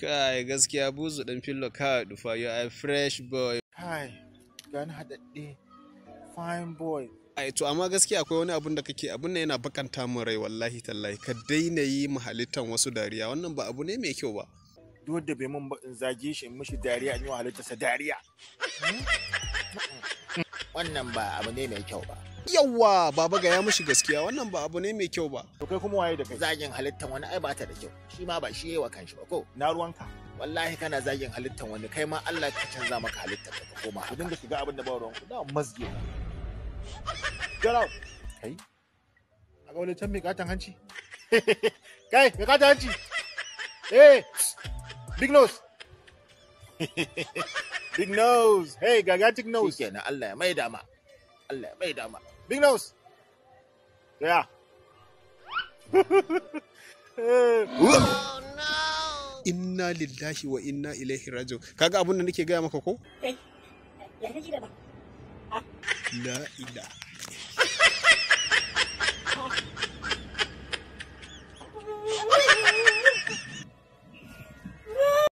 kai gaskiya buzu dan fillo kai dufa you are fresh boy kai gani haɗaɗɗe fine boy ai to amma gaskiya akwai wani abun da kake abun nan yana bakanta mu rai wallahi tallahi ka daina yi mahalittan wasu dariya wannan ba abu ne mai kyau ba duk da bai mun ba in zage shi in mishi dariya in yi halittarsa dariya hmm? wannan ba abu ne mai kyau ba yawwa baba ga ya mushi gaskiya wannan ba abu ne mai kyau ba to kai kuma waye da kai zagin halittan wani ai ba ta da kyau shi ma ba shi yayi wa kanshi ba ko na ruwanka wallahi kana zagin halittan wani kai ma Allah ka canza maka halittar ka koma ku dinga shiga abin da ba ruwanku da masge garau kai a ga wani can mai katan hanci kai mai katan hanci eh big nose big nose hey gagatic nose kenan Allah ya maida ma Allah bai dama. Big nose. Ya. Inna lillahi wa inna ilaihi raji'un. Kaga abun da nake gaya maka ko? Eh, ya da ba. La ilaha